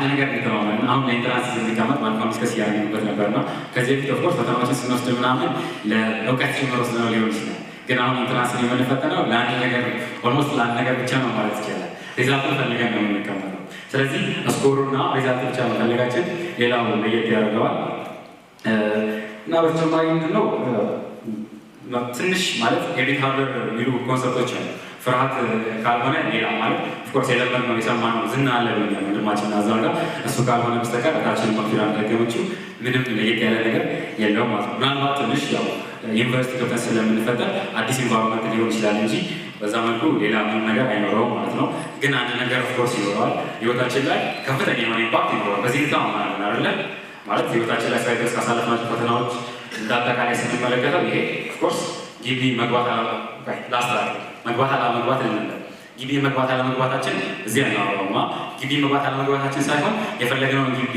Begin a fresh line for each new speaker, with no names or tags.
አንድ ነገር እንተማመን። አሁን ለኢንትራንስ ስንቀመጥ መልካም ዲስከስ እያገኙበት ነበር ነው። ከዚህ በፊት ኦፍኮርስ ፈተናዎችን ስንወስድ ምናምን ለእውቀት ጭምር ነው ሊሆን ይችላል። ግን አሁን ኢንትራንስን የምንፈተነው ለአንድ ነገር ኦልሞስት ለአንድ ነገር ብቻ ነው ማለት ይቻላል። ሪዛልቱን ፈልገን ነው የምንቀመጠው። ስለዚህ ስኮሩና ሪዛልት ብቻ መፈለጋችን ሌላው ለየት ያደርገዋል። እና በተጨማሪ ምንድነው ትንሽ ማለት ኤዲት ሃርደር የሚሉ ኮንሰርቶች አሉ ፍርሃት ካልሆነ ሌላ ማለት ኦፍኮርስ የለመድነው የሰማነው ዝና አለ ብሎኛል ወንድማችን ናዘር ጋር። እሱ ካልሆነ በስተቀር እታችን ኮንፊደንት ነገሮችም ምንም ለየት ያለ ነገር የለውም ማለት ነው። ምናልባት ትንሽ ያው ዩኒቨርሲቲ ክፍተት ስለምንፈጠር አዲስ ኢንቫይሮንመንት ሊሆን ይችላል እንጂ በዛ መልኩ ሌላ ምንም ነገር አይኖረውም ማለት ነው። ግን አንድ ነገር ኦፍኮርስ ይኖረዋል፣ ህይወታችን ላይ ከፍተኛ የሆነ ኢምፓክት ይኖረዋል። በዚህ ታ ማለት አለ ማለት ህይወታችን ላይ ሳይደርስ ካሳለፍናቸው ፈተናዎች እንዳጠቃላይ ስንመለከተው ይሄ ኦፍኮርስ ጊቢ መግባት ላስት መግባት አለመግባት እንላለን። ግቢ መግባት አለመግባታችን እዚህ አናወራውማ። ግቢ መግባት አለመግባታችን ሳይሆን የፈለግነውን ግቢ